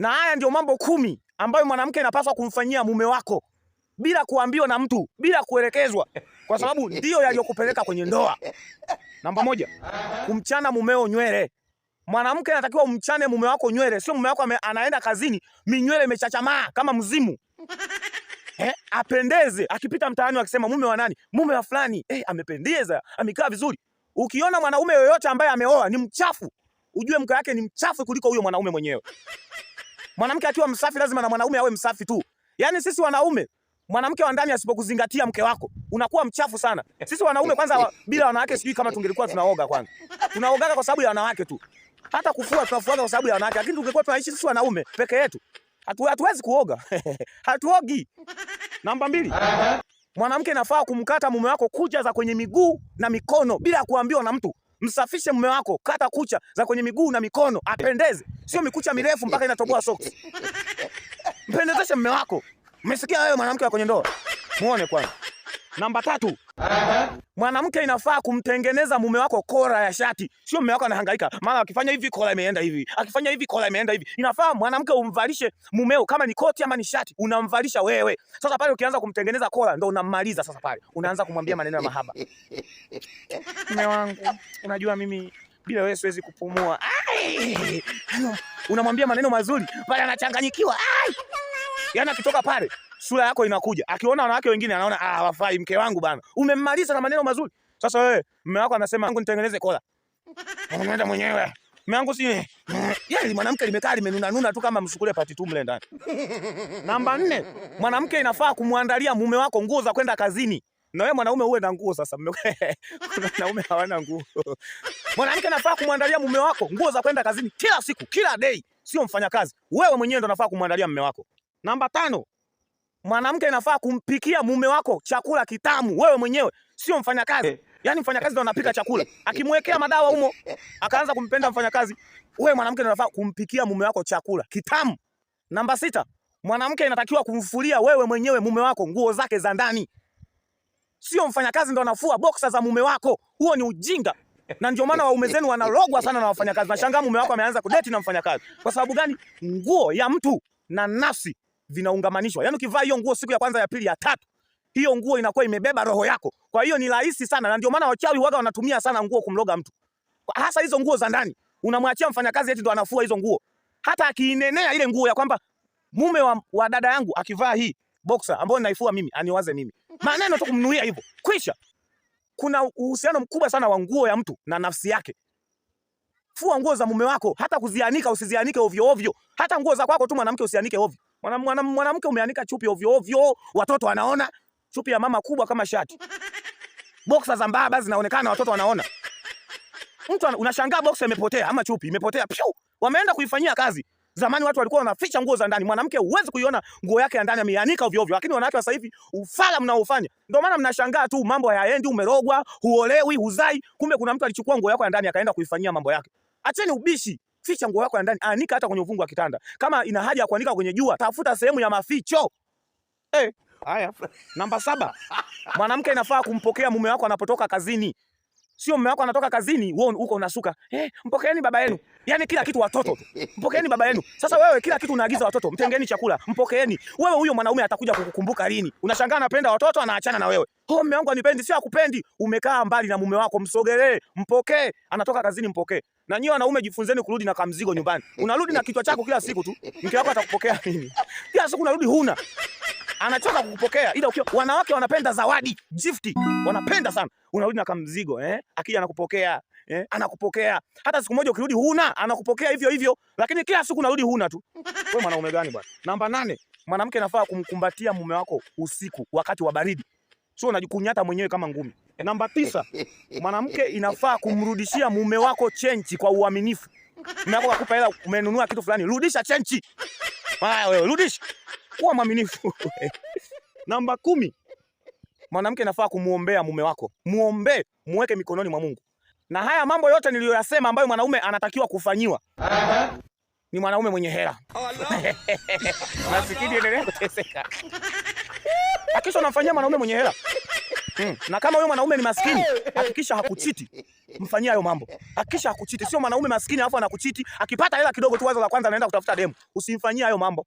Na haya ndio mambo kumi ambayo mwanamke anapaswa kumfanyia mume wako bila kuambiwa na mtu, bila kuelekezwa, kwa sababu ndiyo yaliyokupeleka kwenye ndoa. Namba moja, kumchana mumeo nywele. Mwanamke anatakiwa umchane mume wako nywele, sio mume wako anaenda kazini minywele imechachamaa kama mzimu. Eh, apendeze akipita mtaani akisema mume wa nani? Mume wa fulani. Eh, amependeza, amekaa vizuri. Ukiona mwanaume yoyote ambaye ameoa ni mchafu, ujue mke wake ni mchafu kuliko huyo mwanaume mwenyewe. Mwanamke akiwa msafi lazima na mwanaume awe msafi tu. Yaani sisi wanaume mwanamke wa ndani asipokuzingatia mke wako, unakuwa mchafu sana. Sisi wanaume kwanza wa, bila wanawake sijui kama tungelikuwa tunaoga kwanza. Tunaogaga kwa sababu ya wanawake tu. Hata kufua tunafuaga kwa sababu ya wanawake. Lakini tungekuwa tunaishi sisi wanaume peke yetu, hatu hatuwezi kuoga. Hatuogi. Namba mbili. Mwanamke nafaa kumkata mume wako kuja za kwenye miguu na mikono bila kuambiwa na mtu. Msafishe mume wako, kata kucha za kwenye miguu na mikono apendeze, sio mikucha mirefu mpaka inatoboa soksi. Mpendezeshe mume wako. Umesikia wewe mwanamke wa kwenye ndoa, muone kwanza. Namba tatu. Mwanamke inafaa kumtengeneza mume wako kola ya shati, sio mume wako anahangaika, maana akifanya hivi kola imeenda hivi, akifanya hivi kola imeenda hivi. Inafaa mwanamke umvalishe mumeo, kama ni koti ama ni shati, unamvalisha wewe. Sasa pale ukianza kumtengeneza kola, ndo unammaliza. Sasa pale unaanza kumwambia maneno ya mahaba, mume wangu, unajua mimi bila wewe siwezi kupumua. Unamwambia maneno mazuri pale, anachanganyikiwa. Yaani akitoka pale sura yako inakuja. Akiona wanawake wengine anaona ah, wafai mke wangu bana. Umemmaliza na maneno mazuri. Sasa wewe mume wako anasema wangu nitengeneze kola. Unaenda mwenyewe. Mume wangu si yeye mwanamke limekaa limenuna nuna tu kama msukule pati tu mle ndani. Namba 4, mwanamke inafaa kumwandalia mume wako nguo za kwenda kazini. Na wewe mwanaume uwe na nguo sasa. Mwanaume hawana nguo. Mwanamke anafaa kumwandalia mume wako nguo za kwenda kazini kila siku, kila day, sio mfanyakazi. Wewe mwenyewe ndo unafaa kumwandalia mume wako. Namba tano, Mwanamke inafaa kumpikia mume wako chakula kitamu, wewe mwenyewe, sio mfanyakazi. Yaani mfanyakazi ndo anapika chakula, akimwekea madawa humo, akaanza kumpenda mfanyakazi. Wewe mwanamke unafaa kumpikia mume wako chakula kitamu. Namba sita, mwanamke inatakiwa kumfulia wewe mwenyewe mume wako nguo zake za ndani, sio mfanyakazi ndo anafua boksa za mume wako. Huo ni ujinga, na ndio maana waume zenu wanarogwa sana na wafanyakazi. Nashangaa mume wako ameanza kudeti na mfanyakazi. Kwa sababu gani? Nguo ya mtu na nafsi vinaungamanishwa. Yaani ukivaa hiyo nguo siku ya kwanza, ya pili, ya tatu, hiyo nguo inakuwa imebeba roho yako. Kwa hiyo ni rahisi sana, na ndio maana wachawi waga wanatumia sana nguo kumloga mtu, hasa hizo nguo za ndani. Unamwachia mfanyakazi eti ndo anafua hizo nguo, hata akiinenea ile nguo ya kwamba mume wa, wa dada yangu akivaa hii boxer ambayo ninaifua mimi aniwaze mimi, maneno tu kumnuia hivyo, kwisha. Kuna uhusiano mkubwa sana wa nguo ya mtu na nafsi yake. Fua nguo za mume wako, hata kuzianika usizianike ovyo ovyo. Hata nguo za kwako tu mwanamke usianike ovyo. Mwanamke mwana, mwana umeanika chupi ovyo ovyo, watoto wanaona chupi ya mama kubwa kama shati, boksa za mbaba zinaonekana, watoto wanaona. Mtu unashangaa boksa imepotea ama chupi imepotea, pyu, wameenda kuifanyia kazi. Zamani watu walikuwa wanaficha nguo za ndani. Mwanamke huwezi kuiona nguo yake ya ndani ameanika ovyo ovyo, lakini wanawake wa sasa hivi ufala mnaofanya, ndio maana mnashangaa tu, mambo hayaendi, umerogwa, huolewi, huzai. Kumbe kuna mtu alichukua nguo yako ya ndani akaenda kuifanyia mambo yake. Acheni ubishi. Ficha nguo yako ya ndani, anika hata kwenye uvungu wa kitanda. Kama ina haja ya kuanika kwenye jua, tafuta sehemu ya maficho. Eh, Haya, hey. Namba saba, mwanamke inafaa kumpokea mume wako anapotoka kazini sio mume wako anatoka kazini, wewe uko unasuka. Eh, mpokeeni baba yenu. Yaani kila kitu watoto. Mpokeeni baba yenu. Sasa wewe kila kitu unaagiza watoto, mtengeni chakula, mpokeeni. Wewe huyo mwanaume atakuja kukukumbuka lini? Unashangaa anapenda watoto anaachana na wewe. Oh, mume wangu anipendi, sio akupendi. Umekaa mbali na mume wako, msogelee, mpokee. Anatoka kazini, mpokee. Na nyinyi wanaume jifunzeni kurudi na kamzigo nyumbani. Unarudi na kichwa chako kila siku tu. Mke wako atakupokea nini? Kila siku unarudi huna anachoka kukupokea, ila ukiwa wanawake wanapenda zawadi gift, wanapenda sana. Unarudi na kamzigo eh, akija anakupokea eh, anakupokea. Hata siku moja ukirudi huna, anakupokea hivyo hivyo, lakini kila siku unarudi huna tu. Wewe mwanaume gani bwana? Namba nane, mwanamke nafaa kumkumbatia mume wako usiku wakati wa baridi, sio unajikunyata mwenyewe kama ngumi. E, namba tisa, mwanamke inafaa kumrudishia mume wako chenchi kwa uaminifu. Mume wako akupa hela, umenunua kitu fulani, rudisha chenchi. Haya wewe, rudisha kuwa mwaminifu. Namba kumi, mwanamke nafaa kumuombea mume wako, muombe, muweke mikononi mwa Mungu. Na haya mambo yote niliyoyasema ambayo mwanaume anatakiwa kufanyiwa ni mwanaume mwenye hela nasikidi, endelea kuteseka hakikisha unamfanyia mwanaume mwenye hela mm. Na kama huyo mwanaume ni maskini, hakikisha hakuchiti, mfanyia hayo mambo, hakikisha hakuchiti. Sio mwanaume maskini alafu anakuchiti, akipata hela kidogo tu, wazo la kwanza anaenda kutafuta demu. Usimfanyie hayo mambo.